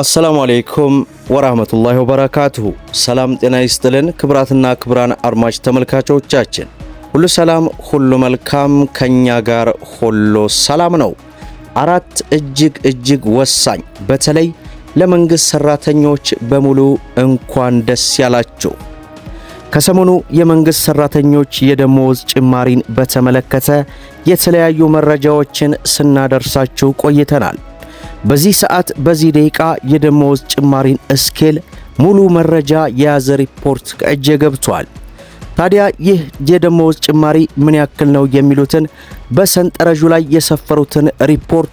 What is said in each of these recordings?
አሰላሙ አሌይኩም ወራህመቱላሂ ወበረካቱሁ። ሰላም ጤና ይስጥልን። ክብራትና ክብራን አድማጭ ተመልካቾቻችን ሁሉ ሰላም፣ ሁሉ መልካም፣ ከኛ ጋር ሁሉ ሰላም ነው። አራት እጅግ እጅግ ወሳኝ በተለይ ለመንግሥት ሠራተኞች በሙሉ እንኳን ደስ ያላችሁ። ከሰሞኑ የመንግሥት ሠራተኞች የደሞዝ ጭማሪን በተመለከተ የተለያዩ መረጃዎችን ስናደርሳችሁ ቆይተናል። በዚህ ሰዓት በዚህ ደቂቃ የደመወዝ ጭማሪን እስኬል ሙሉ መረጃ የያዘ ሪፖርት ከእጄ ገብቷል። ታዲያ ይህ የደመወዝ ጭማሪ ምን ያክል ነው የሚሉትን በሰንጠረዡ ላይ የሰፈሩትን ሪፖርት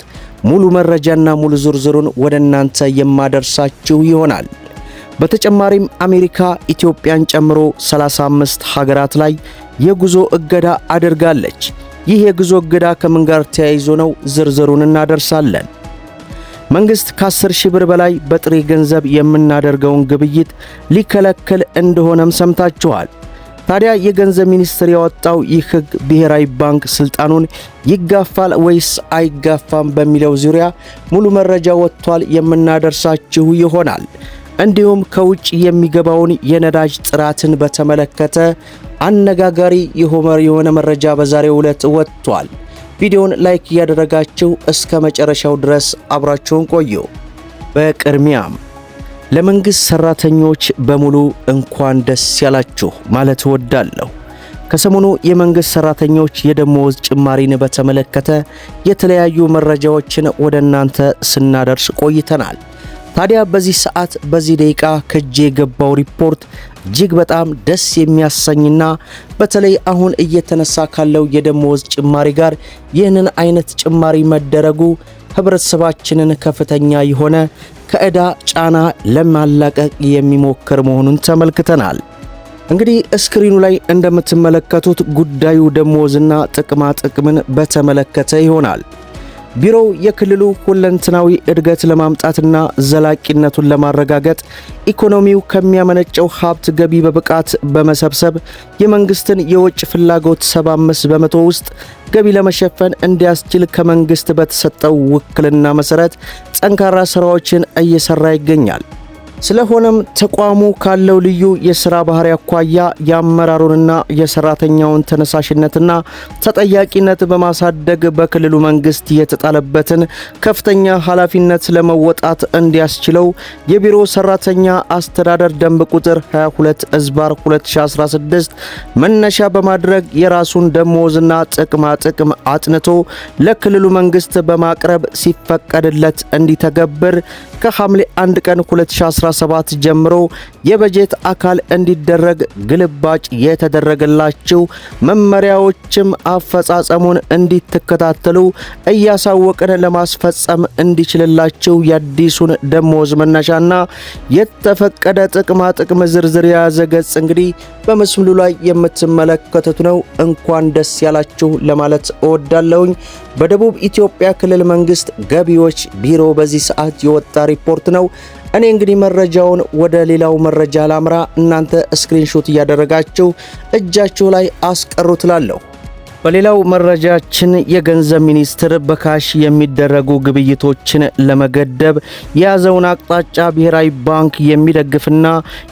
ሙሉ መረጃና ሙሉ ዝርዝሩን ወደ እናንተ የማደርሳችሁ ይሆናል። በተጨማሪም አሜሪካ ኢትዮጵያን ጨምሮ 35 ሀገራት ላይ የጉዞ እገዳ አድርጋለች። ይህ የጉዞ እገዳ ከምን ጋር ተያይዞ ነው? ዝርዝሩን እናደርሳለን። መንግስት ከ10 ሺህ ብር በላይ በጥሬ ገንዘብ የምናደርገውን ግብይት ሊከለክል እንደሆነም ሰምታችኋል። ታዲያ የገንዘብ ሚኒስቴር ያወጣው ይህ ሕግ ብሔራዊ ባንክ ስልጣኑን ይጋፋል ወይስ አይጋፋም በሚለው ዙሪያ ሙሉ መረጃ ወጥቷል የምናደርሳችሁ ይሆናል። እንዲሁም ከውጭ የሚገባውን የነዳጅ ጥራትን በተመለከተ አነጋጋሪ የሆነ መረጃ በዛሬው ዕለት ወጥቷል። ቪዲዮን ላይክ እያደረጋችሁ እስከ መጨረሻው ድረስ አብራችሁን ቆዩ። በቅድሚያም ለመንግሥት ሠራተኞች በሙሉ እንኳን ደስ ያላችሁ ማለት እወዳለሁ። ከሰሞኑ የመንግሥት ሠራተኞች የደሞዝ ጭማሪን በተመለከተ የተለያዩ መረጃዎችን ወደ እናንተ ስናደርስ ቆይተናል። ታዲያ በዚህ ሰዓት በዚህ ደቂቃ ከጄ የገባው ሪፖርት እጅግ በጣም ደስ የሚያሰኝና በተለይ አሁን እየተነሳ ካለው የደሞዝ ጭማሪ ጋር ይህንን አይነት ጭማሪ መደረጉ ህብረተሰባችንን ከፍተኛ የሆነ ከዕዳ ጫና ለማላቀቅ የሚሞክር መሆኑን ተመልክተናል። እንግዲህ እስክሪኑ ላይ እንደምትመለከቱት ጉዳዩ ደሞዝና ጥቅማ ጥቅምን በተመለከተ ይሆናል። ቢሮው የክልሉ ሁለንትናዊ እድገት ለማምጣትና ዘላቂነቱን ለማረጋገጥ ኢኮኖሚው ከሚያመነጨው ሀብት ገቢ በብቃት በመሰብሰብ የመንግስትን የውጭ ፍላጎት 75 በመቶ ውስጥ ገቢ ለመሸፈን እንዲያስችል ከመንግስት በተሰጠው ውክልና መሰረት ጠንካራ ስራዎችን እየሰራ ይገኛል። ስለሆነም ተቋሙ ካለው ልዩ የስራ ባህሪ አኳያ የአመራሩንና የሰራተኛውን ተነሳሽነትና ተጠያቂነት በማሳደግ በክልሉ መንግስት የተጣለበትን ከፍተኛ ኃላፊነት ለመወጣት እንዲያስችለው የቢሮ ሰራተኛ አስተዳደር ደንብ ቁጥር 22 እዝባር 2016 መነሻ በማድረግ የራሱን ደሞዝና ጥቅማ ጥቅም አጥንቶ ለክልሉ መንግስት በማቅረብ ሲፈቀድለት እንዲተገብር ከሐምሌ 1 ቀን 2016 2017 ጀምሮ የበጀት አካል እንዲደረግ ግልባጭ የተደረገላችሁ መመሪያዎችም አፈጻጸሙን እንዲትከታተሉ እያሳወቅን ለማስፈጸም እንዲችልላችሁ የአዲሱን ደሞዝ መነሻና የተፈቀደ ጥቅማ ጥቅም ዝርዝር የያዘ ገጽ እንግዲህ በምስሉ ላይ የምትመለከቱት ነው። እንኳን ደስ ያላችሁ ለማለት እወዳለሁኝ። በደቡብ ኢትዮጵያ ክልል መንግስት ገቢዎች ቢሮ በዚህ ሰዓት የወጣ ሪፖርት ነው። እኔ እንግዲህ መረጃውን ወደ ሌላው መረጃ ላምራ። እናንተ ስክሪንሾት እያደረጋችሁ እጃችሁ ላይ አስቀሩ ትላለሁ። በሌላው መረጃችን የገንዘብ ሚኒስትር በካሽ የሚደረጉ ግብይቶችን ለመገደብ የያዘውን አቅጣጫ ብሔራዊ ባንክ የሚደግፍና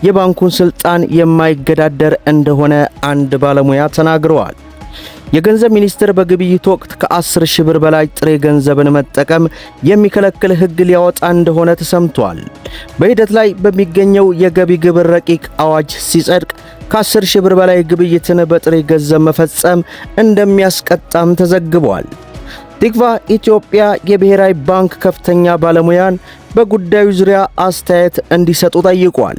የባንኩን ስልጣን የማይገዳደር እንደሆነ አንድ ባለሙያ ተናግረዋል። የገንዘብ ሚኒስቴር በግብይት ወቅት ከ10 ሺህ ብር በላይ ጥሬ ገንዘብን መጠቀም የሚከለክል ሕግ ሊያወጣ እንደሆነ ተሰምቷል። በሂደት ላይ በሚገኘው የገቢ ግብር ረቂቅ አዋጅ ሲጸድቅ ከ10 ሺህ ብር በላይ ግብይትን በጥሬ ገንዘብ መፈጸም እንደሚያስቀጣም ተዘግቧል። ቲክቫ ኢትዮጵያ የብሔራዊ ባንክ ከፍተኛ ባለሙያን በጉዳዩ ዙሪያ አስተያየት እንዲሰጡ ጠይቋል።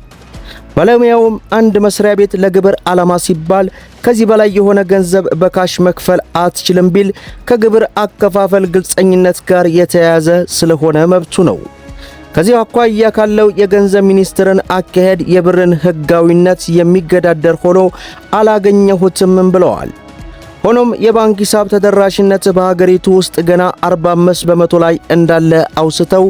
ባለሙያውም አንድ መስሪያ ቤት ለግብር ዓላማ ሲባል ከዚህ በላይ የሆነ ገንዘብ በካሽ መክፈል አትችልም ቢል ከግብር አከፋፈል ግልጸኝነት ጋር የተያያዘ ስለሆነ መብቱ ነው። ከዚህ አኳያ ካለው የገንዘብ ሚኒስትርን አካሄድ የብርን ሕጋዊነት የሚገዳደር ሆኖ አላገኘሁትም ብለዋል። ሆኖም የባንክ ሂሳብ ተደራሽነት በሀገሪቱ ውስጥ ገና 45 በመቶ ላይ እንዳለ አውስተው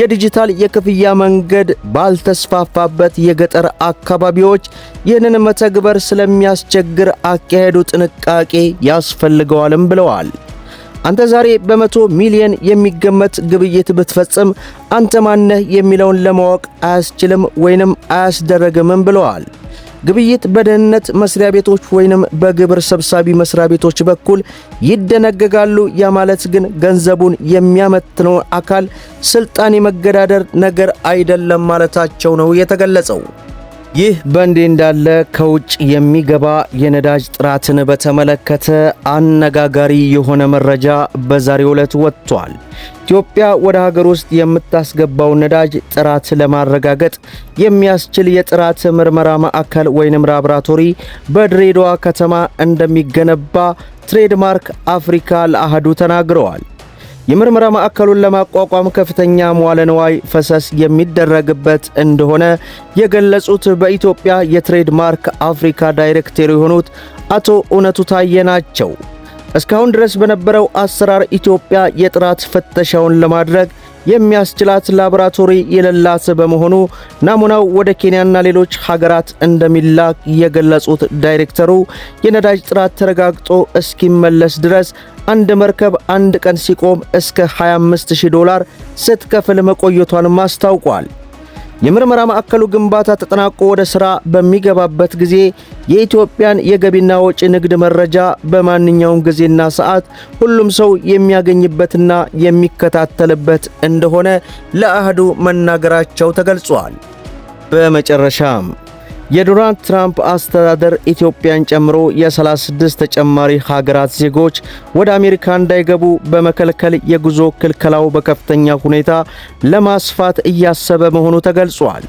የዲጂታል የክፍያ መንገድ ባልተስፋፋበት የገጠር አካባቢዎች ይህንን መተግበር ስለሚያስቸግር አካሄዱ ጥንቃቄ ያስፈልገዋልም ብለዋል። አንተ ዛሬ በመቶ ሚሊየን የሚገመት ግብይት ብትፈጽም አንተ ማነህ የሚለውን ለማወቅ አያስችልም ወይንም አያስደረግምም ብለዋል። ግብይት በደህንነት መስሪያ ቤቶች ወይንም በግብር ሰብሳቢ መስሪያ ቤቶች በኩል ይደነገጋሉ። ያ ማለት ግን ገንዘቡን የሚያመትነውን አካል ስልጣን የመገዳደር ነገር አይደለም ማለታቸው ነው የተገለጸው። ይህ በእንዲህ እንዳለ ከውጭ የሚገባ የነዳጅ ጥራትን በተመለከተ አነጋጋሪ የሆነ መረጃ በዛሬው ዕለት ወጥቷል። ኢትዮጵያ ወደ ሀገር ውስጥ የምታስገባው ነዳጅ ጥራት ለማረጋገጥ የሚያስችል የጥራት ምርመራ ማዕከል ወይንም ላብራቶሪ በድሬዳዋ ከተማ እንደሚገነባ ትሬድማርክ አፍሪካ ለአህዱ ተናግረዋል። የምርመራ ማዕከሉን ለማቋቋም ከፍተኛ መዋለ ንዋይ ፈሰስ የሚደረግበት እንደሆነ የገለጹት በኢትዮጵያ የትሬድማርክ አፍሪካ ዳይሬክተር የሆኑት አቶ እውነቱ ታየ ናቸው። እስካሁን ድረስ በነበረው አሰራር ኢትዮጵያ የጥራት ፍተሻውን ለማድረግ የሚያስችላት ላቦራቶሪ የሌላት በመሆኑ ናሙናው ወደ ኬንያና ሌሎች ሀገራት እንደሚላክ የገለጹት ዳይሬክተሩ የነዳጅ ጥራት ተረጋግጦ እስኪመለስ ድረስ አንድ መርከብ አንድ ቀን ሲቆም እስከ 25000 ዶላር ስትከፍል መቆየቷንም አስታውቋል። የምርመራ ማዕከሉ ግንባታ ተጠናቆ ወደ ሥራ በሚገባበት ጊዜ የኢትዮጵያን የገቢና ወጪ ንግድ መረጃ በማንኛውም ጊዜና ሰዓት ሁሉም ሰው የሚያገኝበትና የሚከታተልበት እንደሆነ ለአህዱ መናገራቸው ተገልጿል። በመጨረሻም የዶናልድ ትራምፕ አስተዳደር ኢትዮጵያን ጨምሮ የ36 ተጨማሪ ሀገራት ዜጎች ወደ አሜሪካ እንዳይገቡ በመከልከል የጉዞ ክልከላው በከፍተኛ ሁኔታ ለማስፋት እያሰበ መሆኑ ተገልጿል።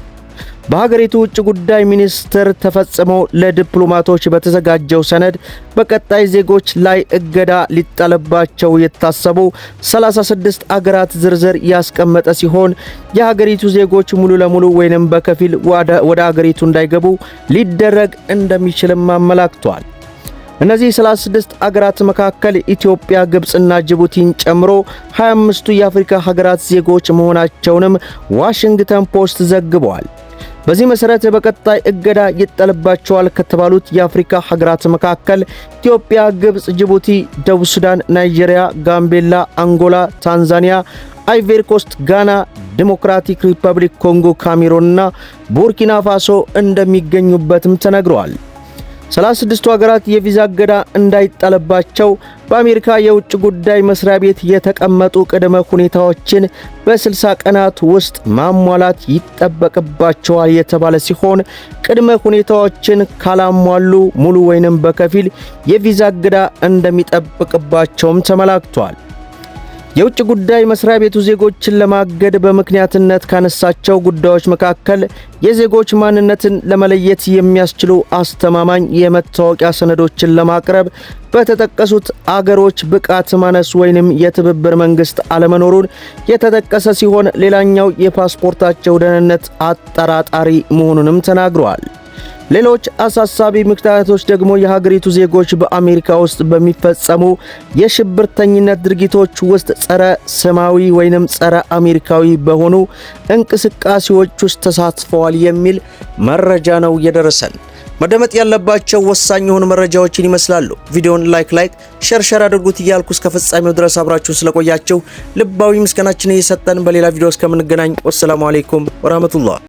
በሀገሪቱ ውጭ ጉዳይ ሚኒስቴር ተፈጽሞ ለዲፕሎማቶች በተዘጋጀው ሰነድ በቀጣይ ዜጎች ላይ እገዳ ሊጠለባቸው የታሰቡ 36 አገራት ዝርዝር ያስቀመጠ ሲሆን የሀገሪቱ ዜጎች ሙሉ ለሙሉ ወይንም በከፊል ወደ ሀገሪቱ እንዳይገቡ ሊደረግ እንደሚችልም አመላክቷል። እነዚህ 36 አገራት መካከል ኢትዮጵያ፣ ግብፅና ጅቡቲን ጨምሮ 25ቱ የአፍሪካ ሀገራት ዜጎች መሆናቸውንም ዋሽንግተን ፖስት ዘግቧል። በዚህ መሰረት በቀጣይ እገዳ ይጠልባቸዋል ከተባሉት የአፍሪካ ሀገራት መካከል ኢትዮጵያ፣ ግብፅ፣ ጅቡቲ፣ ደቡብ ሱዳን፣ ናይጄሪያ፣ ጋምቤላ፣ አንጎላ፣ ታንዛኒያ፣ አይቬሪ ኮስት፣ ጋና፣ ዲሞክራቲክ ሪፐብሊክ ኮንጎ፣ ካሜሮንና ቡርኪና ፋሶ እንደሚገኙበትም ተነግረዋል። 36ቱ ሀገራት የቪዛ እገዳ እንዳይጣልባቸው በአሜሪካ የውጭ ጉዳይ መስሪያ ቤት የተቀመጡ ቅድመ ሁኔታዎችን በ60 ቀናት ውስጥ ማሟላት ይጠበቅባቸዋል የተባለ ሲሆን ቅድመ ሁኔታዎችን ካላሟሉ ሙሉ ወይንም በከፊል የቪዛ እገዳ እንደሚጠብቅባቸውም ተመላክቷል። የውጭ ጉዳይ መስሪያ ቤቱ ዜጎችን ለማገድ በምክንያትነት ካነሳቸው ጉዳዮች መካከል የዜጎች ማንነትን ለመለየት የሚያስችሉ አስተማማኝ የመታወቂያ ሰነዶችን ለማቅረብ በተጠቀሱት አገሮች ብቃት ማነስ ወይንም የትብብር መንግስት አለመኖሩን የተጠቀሰ ሲሆን ሌላኛው የፓስፖርታቸው ደህንነት አጠራጣሪ መሆኑንም ተናግረዋል። ሌሎች አሳሳቢ ምክንያቶች ደግሞ የሀገሪቱ ዜጎች በአሜሪካ ውስጥ በሚፈጸሙ የሽብርተኝነት ድርጊቶች ውስጥ ጸረ ሰማዊ ወይንም ጸረ አሜሪካዊ በሆኑ እንቅስቃሴዎች ውስጥ ተሳትፈዋል የሚል መረጃ ነው የደረሰን። መደመጥ ያለባቸው ወሳኝ የሆኑ መረጃዎችን ይመስላሉ። ቪዲዮውን ላይክ ላይክ ሸር ሸር አድርጉት እያልኩ እስከ ፍጻሜው ድረስ አብራችሁን ስለቆያችሁ ልባዊ ምስጋናችን እየሰጠን በሌላ ቪዲዮ እስከምንገናኝ ወሰላሙ አሌይኩም ወራህመቱላህ